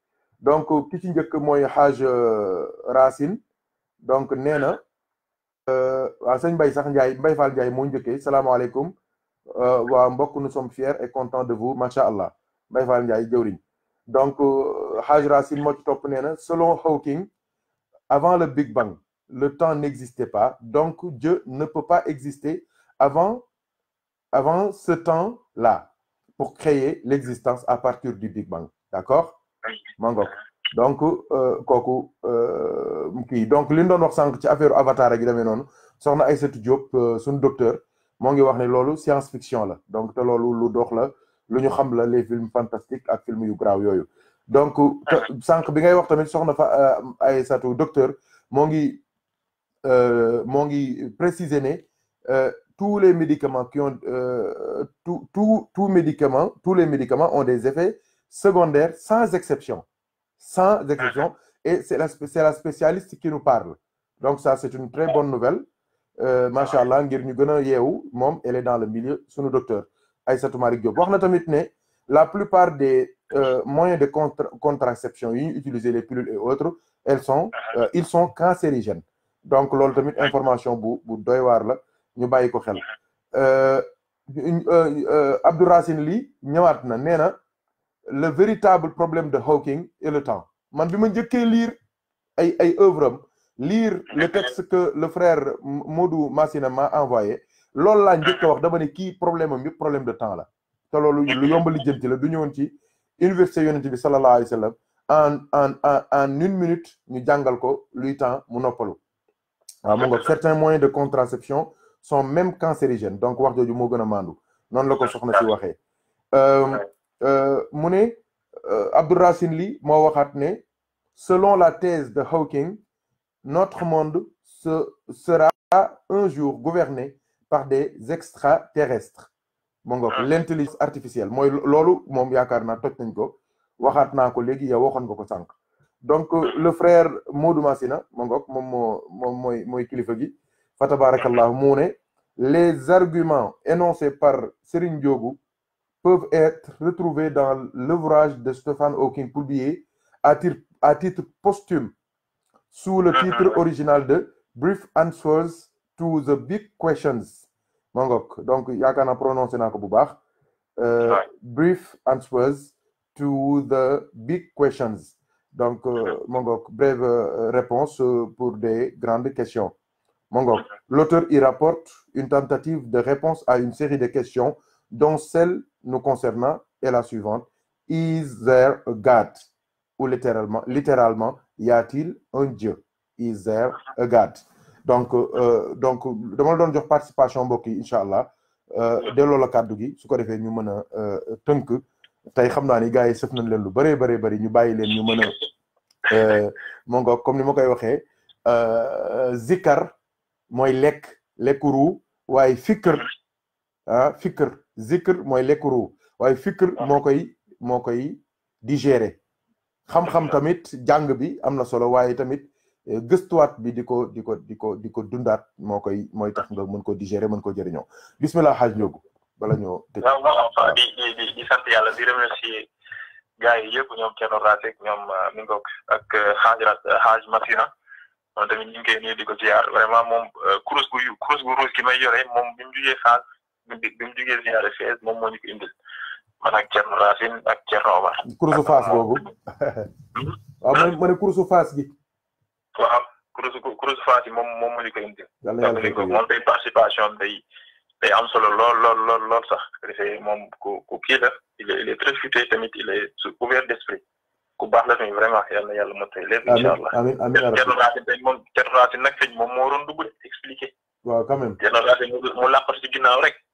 Speaker 1: donc euh, ki ci njëkk mooy xaaj euh, Racine donc nee na euh, waaw sëñ Mbaye sax Ndiaye Mbaye Fall Ndiaye moo njëkkee salaamaaleykum waa mbokk nous sommes fiers et contents de vous macha allah Mbaye Fall jëwriñ donc xaaj Racine moo ci topp nee selon Hawking avant le Big Bang le temps n'existait pas donc Dieu ne peut pas exister avant avant ce temps là pour créer l'existence à partir du Big Bang d'accord ma ngoog donc euh, kooku euh, kii donc li ñu wax sank ci affaire avatar gi demé non soxna Aïssatou Diop euh, sun docteur mo ngi wax ne lolu science fiction la donc te lolu lu dox la lu ñu xam la les films fantastiques ak films yu graw yoyu donc sank bi ngay wax tamit soxna fa Aïssatou docteur mo ngi mo ngi préciser né tous les médicaments qui ont tout tout tout médicament tous les médicaments ont des effets secondaire sans exception. Sans ah, exception. Ah. Et c'est la, la, spécialiste qui nous parle. Donc ça, c'est une très bonne nouvelle. Euh, Machallah, allah ngir elle est dans le milieu sunu docteur Aïssatou Malick la plupart des euh, moyens de contraception utiliser les pilules et autres elles sont ah. euh, ils sont cancérigènes donc l'autre tamit information vous bu doy là, la ñu euh, Abdou le véritable problème de Hawking est le temps man bi ma lire ay ay œuvre lire le texte que le frère Modou Massina m'a envoyé loolu laa njëkk a wax dama ne kii problème am problème de temps là te loolu lu yomb lijjanti la du dit, ci université yonent bi sallallahu alayhi wa sallam en en en en une minute ñu jàngal ko luy temps mu noppalu waaw mu nga certains moyens de contraception sont même cancérigènes donc wax jooju moo gën a maandu noonu la ko soxna si waxee euh, euh, mu ne Sinli, euh, moi moo selon la thèse de Hawking notre monde se sera un jour gouverné par des extraterrestres mu ah. l'intelligence artificielle mooy loolu moom yaakaar naa toj nañ ko waxaat naa ko léegi yow waxoon nga donc euh, le frère Modou Massina mu ngoog moom moo moom mooy mooy kilifa gi les arguments énoncés par Serigne Diogou peuvent être retrouvés dans l'ouvrage de Stephen Hawking publié à, à, titre posthume sous le ah, titre ah, original de Brief Answers to the Big Questions. il donc a qu'à prononcé prononcer euh, dans Brief Answers to the Big Questions. donc euh, Mongok, mm-hmm. brève euh, réponse pour des grandes questions. Mongok, mm-hmm. l'auteur y rapporte une tentative de réponse à une série de questions dont celle nous concernant est la suivante. Is there a God? Ou littéralement, littéralement y a-t-il un Dieu? Is there a God? Donc, euh, euh donc dama de doon jox participation mbokk Inshallah, incha allah euh, delloo la kàddu gi su ko defee ñu mën a euh, tënk tay xam naa ni gars yi sëf nañ leen lu bëree bëree bëri ñu bàyyi leen ñu mën a moo nga comme ni ma koy waxee zikar mooy lekk lekku ruu waaye fikir ah fikir zikr mooy lekk ruu waaye fikr ah. moo koy moo koy digérer xam-xam tamit jàng bi am na solo waaye tamit eh, gëstuwaat bi di ko di ko di ko di ko dundaat moo koy mooy tax nga mën ko digérer mën ko jëriñoo bismillah xaaj Ndiogu bala ñoo tëj waaw
Speaker 2: waaw di di di sant yàlla di remercier gars yi yëpp ñoom Thierno Ratek ñoom ah, Mingok ak xaaj eh, rat xaaj eh, Masina moom tamit ñu ngi koy nuyu di ko ziar vraiment kurus gu kurus gu may yore moom bi mu jugee mu jugee ziare Fès moom moo ñu ko indil man ak Thierno Racine ak Thierno Omar.
Speaker 1: kuréelu Fass boobu. Hmm? waaw man ma ne kuréelu gi. waaw
Speaker 2: kuréelu kuréelu yi moom moom moo
Speaker 3: ñu ko indil. yàlla
Speaker 2: yàlla
Speaker 1: ko moom day participation day day am solo lool lool lool lool sax dafay moom ku ku kii la il est il tamit il est ouvert d'esprit ku baax la tamit vraiment yal na yàlla motali lépp. incha allah amiin amiin amiin Thierno Racine tey moom feeñ
Speaker 2: moom moo doon dugg expliqué. waaw quand même Thierno Racine mu làqatu ci ginnaaw rek.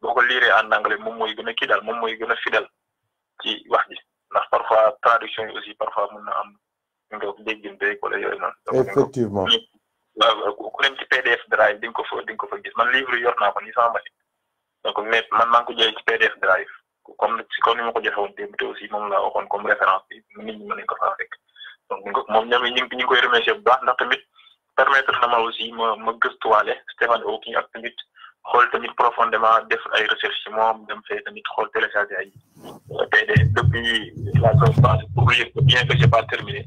Speaker 2: boko lire en anglais mom moy gëna ki dal mom moy gëna fidèle ci wax ji ndax parfois traduction
Speaker 1: yi aussi parfois mëna am nga déggin be ko la yoy non effectivement ko dem
Speaker 2: ci pdf drive ding ko fo ding ko fa gis man livre yor na ko ni sama machine donc mais man man ko jël ci pdf drive comme ci comme ni mako ko joxe won débuté aussi mom la waxon comme référence ni ni ñi ko fa rek donc mom ñam ñi ñi koy remercier bu baax ndax tamit permettre na ma aussi ma ma gëstuwale Stéphane Hawking ak tamit xool tamit profondément def ay recherches ci moom dem fay tamit xool téléchargé ay PDF euh, depuis la conférence pour yëg bien que j'ai pas terminé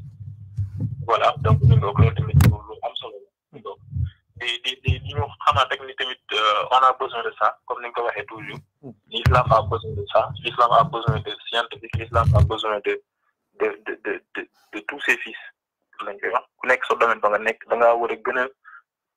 Speaker 2: voilà donc ñu ngoog loolu tamit lu am solo la donc di di di di ñu xamaat rek ni tamit euh, on a besoin de ça comme ni nga ko waxee toujours mm. l'islam a besoin de ça l'islam a besoin de scientifique l'islam a besoin de de de de de tous ses fils lañ koy wax ku nekk sa domaine ba nga nekk da ngaa war a gën a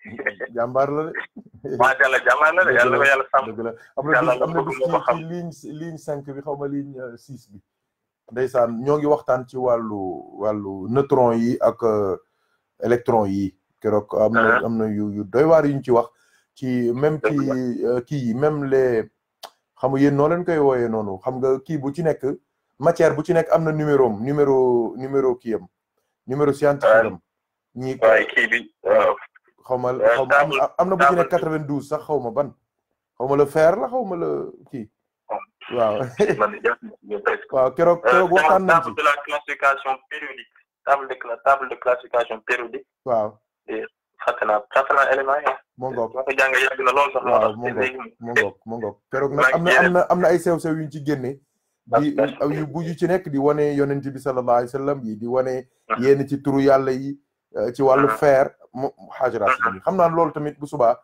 Speaker 1: jàmbaar la de. macha allah jàmbaar la de yàlla ko yàlla sàmm. dëgg la am na am na ci cinq bi xaw ma ligne euh, six bi. sa ñoo ngi waxtaan ci wàllu wàllu neutron yi ak euh, électron yi keroog am na uh-huh. am na yu yu doy waar yuñ ci wax ci même ci euh, kii yi même les xam nga yéen noo leen koy wooyee noonu xam nga kii bu ci nekk matière bu ci nekk am na numéro am numéro numéro kii am numéro uh-huh. ñi xaw ma eh, am na bu ci nekk 92 sax xaw ma ban xaw ma la fer la xaw ma la ki oh. waaw waaw keroog euh, keroog waxtaan nañ ci
Speaker 2: table de la classification périodique table de na lool sax moo tax moo
Speaker 1: ngoog moo ngoog moo am na am na am na ay sew-sew yu ñu ci génne ah, di ah, ah. yu bu ci nekk di wane yonent bi sallallahu alayhi wa sallam yi di wane yenn ci turu yàlla yi euh, ci wàllu fer xaajara si xam naa loolu tamit bu subaa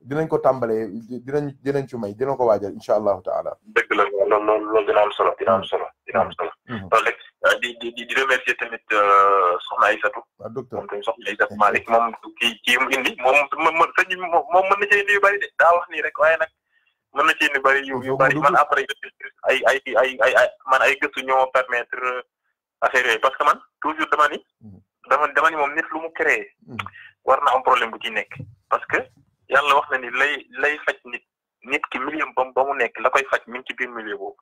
Speaker 1: dinañ ko tàmbalee dinañ dinañ ci may dina ko waajal incha allahu taala.
Speaker 2: dëgg la loolu loolu loolu dina am solo dina am mm. solo dina am solo. Mm. Mm. loolu rek ah, di di di remercier tamit euh, soxna Aïssatou. waaw ah, docteur moom tamit soxna moom kii kii mu indi moom moom moom mën na cee indi yu bëri de daa wax nii rek waaye nag. mën na ci indi bëri yu yu man après ay ay ay ay ay man ay gëstu ñoo permettre euh, affaire yooyu parce que man toujours dama ni dama dama ni moom nit lu mu créé war na am problème bu ci nekk parce que yàlla wax na ni lay lay faj nit nit ki million bam ba mu nekk la koy faj mi ngi ci biir million boobu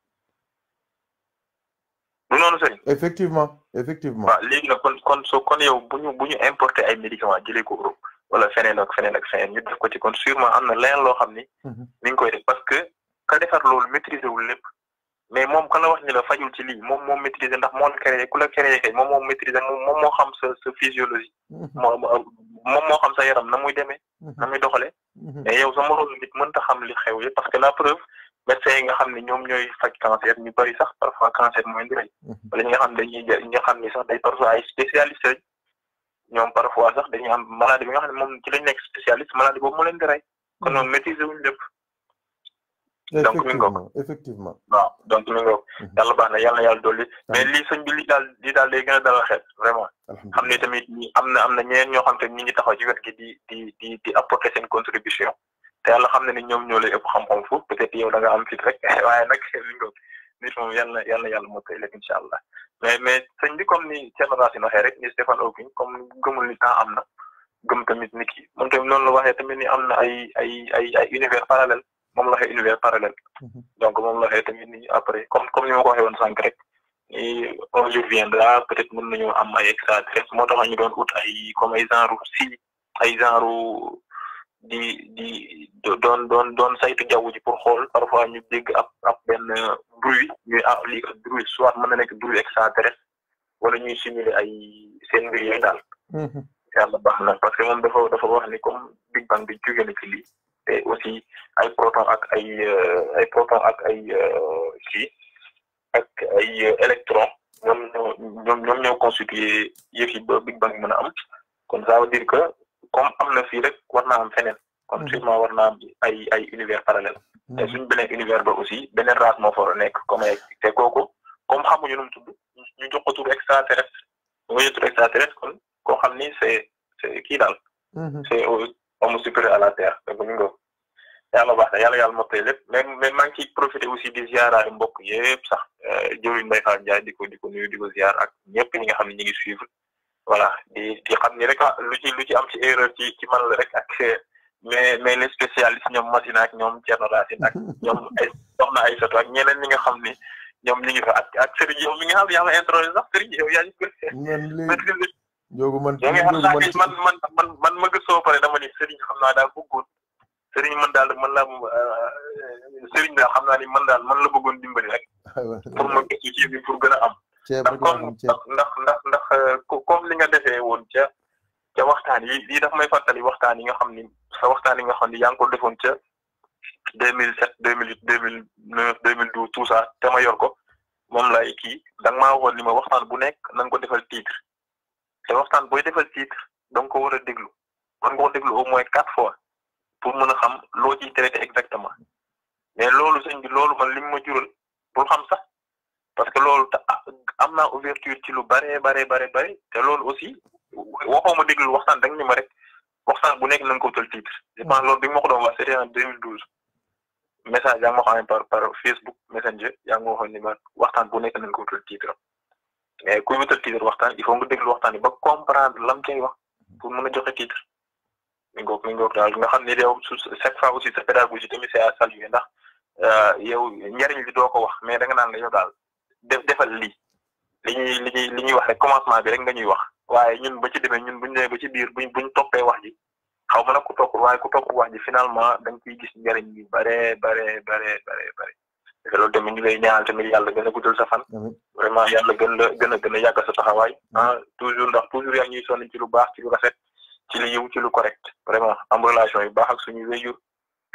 Speaker 2: du noonu sëriñ
Speaker 1: effectivement effectivement waaw
Speaker 2: léegi nag kon kon so kon yow bu ñu bu ñu importer ay médicaments jëlee ko Europe wala feneen ak feneen ak feneen ñu def ko ci kon sûrement am na leneen loo xam ni mhm. mi ngi koy def parce que ka defar loolu maîtriser wul lépp mais moom ka la wax ni la fajul ci lii moom moom maîtriser ndax moo la créé ku la créé kay moom moom maîtriser moom moo xam sa sa physiologie mhm. moo moom moo xam sa yaram na muy demee mhm. na muy doxale mhm. mais yow sa moroomu nit mënta xam li xew yëpp parce que la preuve médecins yi nga xam ne ñoom ñooy faj cancer ñu bëri sax parfois cancer mooy ndiray mhm. wala ñi nga xam dañuy xam ni sax day parfois ay spécialiste lañ ñoom parfois bi nga xam ne nekk spécialiste kon moom maîtriser wuñ lépp donc
Speaker 1: mi effectivement
Speaker 2: waaw donc mi ngoog mhm. yàlla baax na yàlla na yàlla dolli mais lii sëñ bi li daal li daal day gën vraiment xam ne tamit am na am na ñeneen ñoo xam te ñi ngi taxaw ci wet gi di di di di apporter seen contribution te yàlla xam na ni ñoom ñoo lay ëpp xam-xam foofu peut-être yow da nga am fit rek waaye nag mi ngoog nit moom yàlla na yàlla na yàlla moo allah mais mais sëñ bi comme ni Thierno Racine waxee rek ni Stéphane Hawking ni temps am na tamit nit ki moom tamit noonu la waxee tamit ni am na ay ay ay ay univers parallèle mom la xé univers parallèle donc mom la xé tamit ni après comme comme ni mako ko won sank rek ni un jour viendra peut être mën nañu am ay extra direct mo tax ñu doon out ay comme ay genre si ay genre di di doon doon doon saytu jawu ji pour xol parfois ñu dégg ab ab ben bruit ñuy ah li kat bruit soit mën na nek bruit extra extraterrestre wala ñuy simuler ay seen mbir yooyu daal mhm. yalla baxna parce que mom dafa dafa wax ni comme big bang bi jugé na ci li te aussi ay proton ak ay euh, ay proton ak ay kii euh, ak ay euh, électron ñoom ñoo ñoom ñoom ñoo constitué yëf yi ba Big Bang mën am kon ça veut dire que comme am na fii rek war naa am feneen kon mm-hmm. sûrement war naa am ay ay univers parallèle mm-hmm. te suñ beneen univers ba aussi beneen race moo fa nekk comme te kooku comme xamuñu nu mu tudd ñu jox ko tur ñu jox tur extraterrestre kon koo xam ni c'est c'est kii daal mm-hmm. c'est homme supérieur à la terre te bu ñu ngoo yàlla baax na yàlla yàlla mottali lépp mais mais mbokk yëpp sax euh, jëwriñ Mbaye Fall Ndiaye di ko di ko nuyu ak ñëpp ngi xam ni rek ah, lu ci lu ci am ci erreur ci ci xam ni ñoom ñu ngi ak ak Serigne yow mi nga
Speaker 3: Ndiogou man yaa ngi xam saa man
Speaker 2: man man man ma gëstoo pare dama ni Serigne xam naa daa bëggoon Serigne man daal man laa euh, euh, Serigne daal xam naa ni man daal man la bëggoon dimbali rek. pour ma gëstu ci bi pour gën a am.
Speaker 3: ndax ndax
Speaker 2: ndax ndax euh, comme li nga defee woon ca ca waxtaan yi lii daf may fàttali waxtaan yi nga xam ni sa waxtaan yi nga xam ni yaa ngi ko defoon ca deux mille sept deux mille huit mille neuf deux mille douze tout ça te ma yor ko moom laay kii da nga maa ni ma waxtaan bu nekk na ko defal titre. te waxtaan booy defal titre donc ko war a déglu man nga ko déglu au moins quatre fois pour mën a xam loo ciy traité exactement mais loolu sëñ bi loolu man li ma jural pour xam sax parce que loolu te ah, am naa ouverture ci lu bare bare bare bare te loolu aussi waxoo ma déglu waxtaan dang ni ma rek waxtaan bu nekk na nga ko wutal titre je pense loolu bi ma ko doon wax c'était en 2012 message yaa ma ko amee par par Facebook Messenger yaa ngi waxoon ni ma waxtaan bu nekk na nga ko wutal titre mais kuy wutal titre waxtaan il faut nga déglu waxtaan ba comprendre lam cay wax pour mën a joxe titre mi ngoog mi ngoog daal nga xam ne yow chaque fois aussi sa pédagogie tamit c'est à saluer ndax euh, yow li doo ko wax mais da nga naan la yow daal def defal lii li ñuy li ñuy li ñuy wax rek commencement bi rek nga ñuy wax waaye ñun ba ci demee ñun buñ ji xaw ma nag ku topp waaye ku topp wax ji finalement ciy gis bare bare bare bare bare te loolu tamit ñu ngay ñaanal tamit yàlla gën a guddal sa fan vraiment yàlla gën la gën a gën a yàgg sa taxawaay ah toujours ndax toujours yaa ñuy sonn ci lu baax ci lu rafet ci lu yiw ci lu correct vraiment am relation yu baax ak suñu wéyjur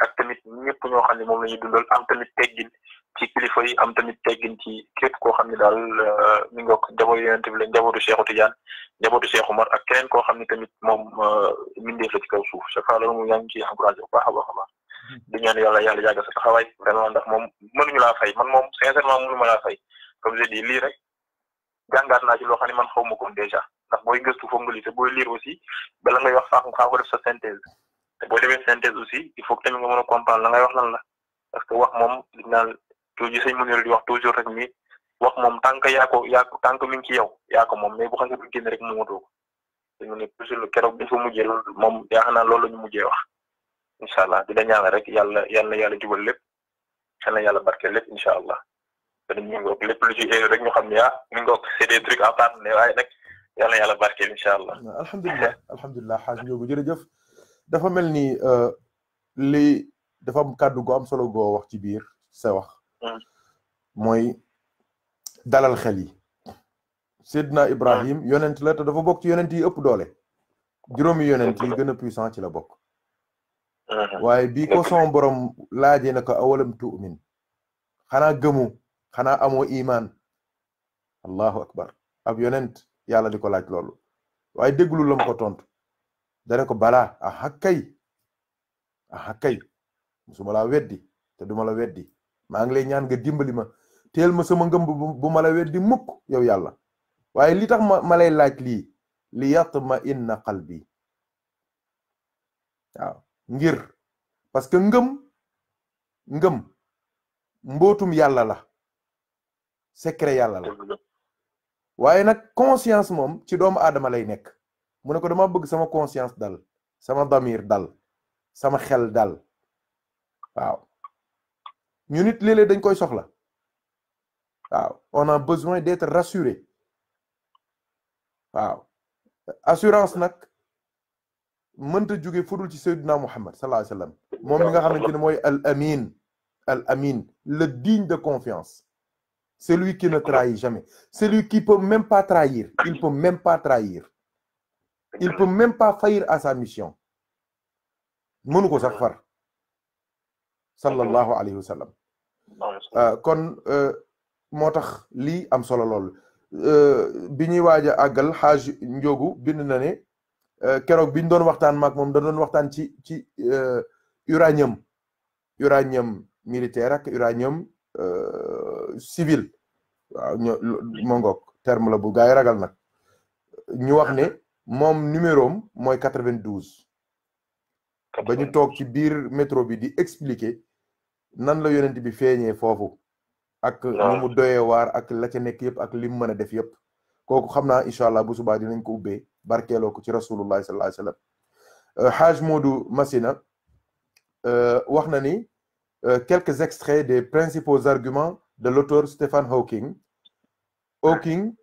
Speaker 2: ak tamit ñëpp ñoo xam ne moom la ñuy dundal am tamit teggin ci kilifa yi am tamit teggin ci képp koo xam ne daal euh, mi nga njabootu yonent bi la njabootu Cheikhu Tidiane njabootu Cheikh Umar ak keneen koo xam ne tamit moom euh, mindeef la ci kaw suuf yaa ngi ciy encouragé a a baax di ñaan yàlla yàlla yàgg sa taxawaay vraiment ndax moom mënuñu laa fay man moom sincèrement mënu ma laa fay comme je dis lii rek jàngaat naa ci loo xam ne man xaw ma ko déjà ndax booy gëstu foog nga lii te booy lire aussi bala ngay wax faax nga sa synthèse te boo defee synthèse aussi il faut que tamit nga mën a comprendre la ngay wax lan la parce que wax moom li ñu naan toujours di wax toujours rek mi wax moom tant que yaa ko yaa ko mi ngi ci yow yaa moom mais bu xasee bu génn rek moomatoo ko te ñu ne toujours keroog loolu la ñu mujjee wax. incha allah di la ñaanal rek yàlla yàlla yàlla jubal lépp yàlla yàlla barkeel lépp incha allah dañu ñu ngoog lépp xam ne ah part ne yàlla yàlla barkeel incha allah.
Speaker 1: alhamdulilah alhamdulilah xaaj Ndiob jërëjëf dafa mel ni euh, li dafa am kàddu gu am solo goo wax ci biir sa wax. Hmm. mooy dalal xel yi. Seydina hmm. Ibrahim yonent la te dafa bokk ci yonent yi ëpp doole. juróomi yonent yi gën a puissant ci la bokk. waye bi ko son borom laajee nako awalam tu'min xanaa gemu xanaa amo iman allahu akbar ab yonent yalla diko laaj lolou waye deglu lam ko tontu dane ko bala a kay a kay musuma la weddi te duma la weddi ma ngi lay ñaan nga dimbali ma teel ma sama ngëm bu ma la weddi mukk yow yalla waye li tax ma lay laaj li li yatma inna qalbi ngir parce que ngëm ngëm mbootum yàlla la secret yàlla la waaye nag conscience moom ci doomu aadama lay nekk mu ne ko dama bëgg sama conscience dal sama damir dal sama xel dal waaw ñu nit léeg-léeg dañ koy soxla waaw on a besoin d'être rassuré waaw assurance nag mënta jóge fudul ci sayyidina Muhammad sallallahu alayhi wasallam). mom mi nga xamante al amin al amin le digne de confiance celui qui ne trahit jamais celui qui peut même pas trahir il peut même pas trahir il peut même pas faillir à sa mission mënu ko sax far sallallahu alayhi wasallam.
Speaker 3: sallam
Speaker 1: euh, kon euh motax li am solo lol euh biñuy waja agal àggal xaaj bind na ne Euh, keroog bi ñu doon waxtaan maak moom da doon waxtaan ci ci euh, uranium uranium militaire ak uranium euh, civil waaw ño mongook terme la bu gaay ragal nag ñu wax ne moom numéro mooy quatre ba ñu toog ci biir métro bi di expliquer nan la yonent bi feeñee foofu ak nu mu waar ak la ca nekk yëpp ak li mu mën a def yëpp kooku xam naa incha allah bu subaa dinañ ko ubbee barkeeloo ko ci rasulullahi sallallahu alayhi wasallam euh, Haaj Moodu Masina euh, wax na ni euh, quelques extraits des principaux arguments de l'auteur Stephen Hawking Hawking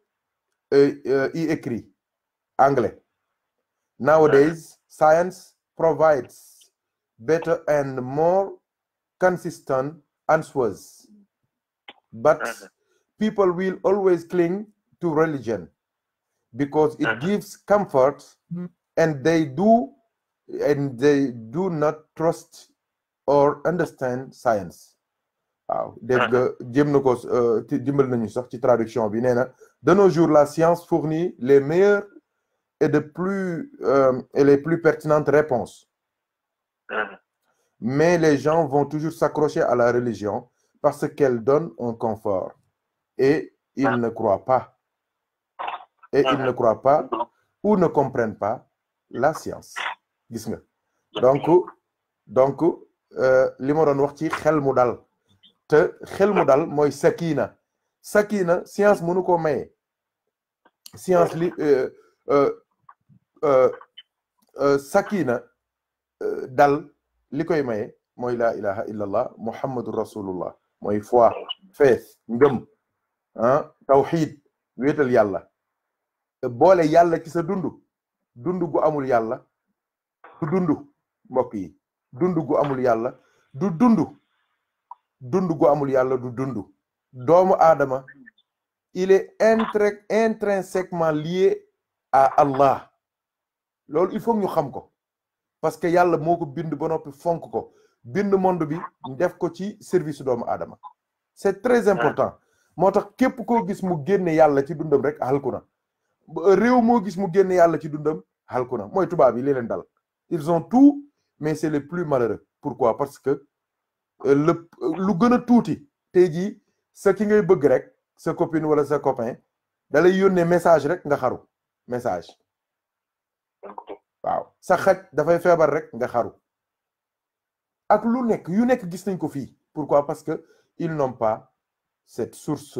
Speaker 1: y écrit anglais Nowadays, science provides better and more consistent answers. But uh-huh. people will always cling to religion because it uh-huh. gives comfort mm-hmm. and they do and they do not trust or understand science waaw euh, nañu sax ci traduction bi de nos jours la science fournit les meilleures et de plus euh, et les plus pertinentes réponses mais les gens vont toujours s'accrocher à la religion parce qu'elle donne un confort et ils ah. ne croient pas et ils ne croient pas ou ne comprennent pas la science gis nga donc donc euh, li ma doon wax ci xel dal te xel mu dal sakina sakina science mënu ko maye science li euh, euh, sakina dal li koy maye moy la ilaha illallah muhammadu rasulullah moy foi faith ngëm hein, tawhid, tawxid yallah. boole yàlla ci sa dund dund gu amul yàlla du dund mbokk yi dund gu amul yàlla du dund dund gu amul yàlla du dund doomu aadama il est intre intrinsèquement lié à Allah loolu il faut ñu xam ko parce que yàlla moo ko bind ba noppi fonk ko bind monde bi def ko ci service doomu aadama c'est très important moo tax képp koo gis mu génne yàlla ci dundam rek alku na réew mo gis mu génn yàlla ci dundam xalku na mooy tubaab yi lii leen dal ils ont tout mais c'est les plus malheureux pourquoi parce que euh, le euh, lu gën a tuuti tey jii sa ki ngay bëgg rek sa copine wala sa copain da lay yónnee message rek nga xaru message waaw sa xaj dafay feebar rek nga xaru ak lu nekk yu nekk gis nañ ko fii pourquoi parce que ils n'ont pas cette source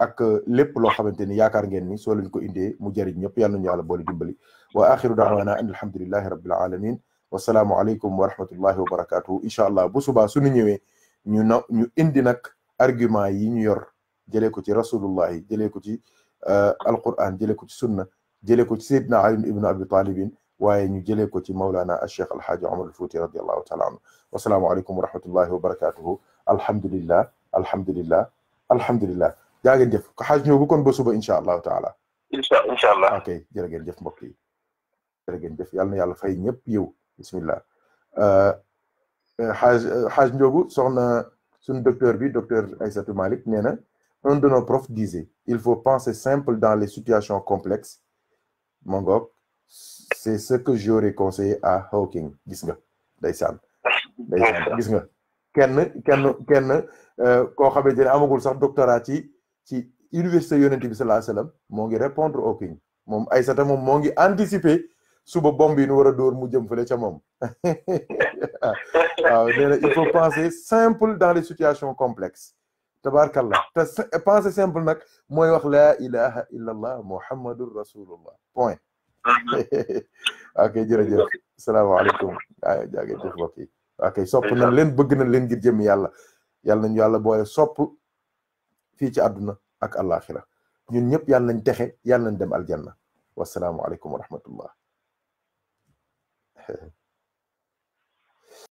Speaker 1: ak lépp lo xamanteni yaakar ngeen ni so lañ ko indé mu jëriñ ñep yàlla ñu yàlla boole dimbali wa akhiru da'wana an rabbil alamin wasalaamu alaykum wa rahmatullahi wa barakatuh inshallah bu suba suñu ñewé ñu ñu indi nak argument yi ñu yor jëlé ko ci rasulullahi jëlé ko ci alquran jëlé ko ci sunna jëlé ko ci sayidna ali ibn abi talibin waye ñu jëlé ko ci mawlana alcheikh alxaaji omar futi radiyallahu taala wa wasalaamu alaykum wa rahmatullahi wa barakatuh alhamdulillah alhamdulillah alhamdulillah jaa ngeen jëf xaaj ñëw bu kon ba suba incha allahu taala. Insha, incha allah ok jërë ngeen jëf mbokk yi jërë ngeen jëf yalla na yàlla fay ñëpp yiw bismillah euh, euh, xaaj euh, xaaj Ndiogu soxna suñu docteur bi docteur Aïssatou malik nee na un de nos profs disait il faut penser simple dans les situations complexes mon ngoog c'est ce que j'aurais conseillé à Hawking gis nga ndeysaan ndeysaan gis nga kenn kenn kenn koo xamante ne amagul sax doctorat yi ci université yonent bi sallallahu alayhi wasallam moo ngi répondre au king moom Aysata moom moo ngi anticiper suba bomb yi nu war a dóor mu jëm fële ca moom waaw nee na il faut penser simple dans les situations complexes tabarkallah te penser simple nag mooy wax laa ilaha illa allah muhammadur rasulullah point ok jërëjëf salaamaaleykum a jaage jëf mbokk yi ok sopp nañ leen bëgg nañ leen ngir jëm yàlla yàlla nañu yàlla boole sopp fii ci àdduna ak àllaaxira ñun ñëpp yàlla nañ texe yàlla nañ dem aljanna wasalaamualeykum wa rahmatullah